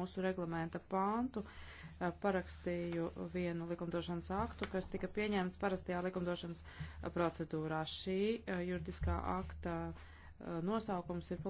mūsu reglamenta pāntu parakstīju vienu likumdošanas aktu, kas tika pieņemts parastajā likumdošanas procedūrā. Šī juridiskā akta nosaukums ir.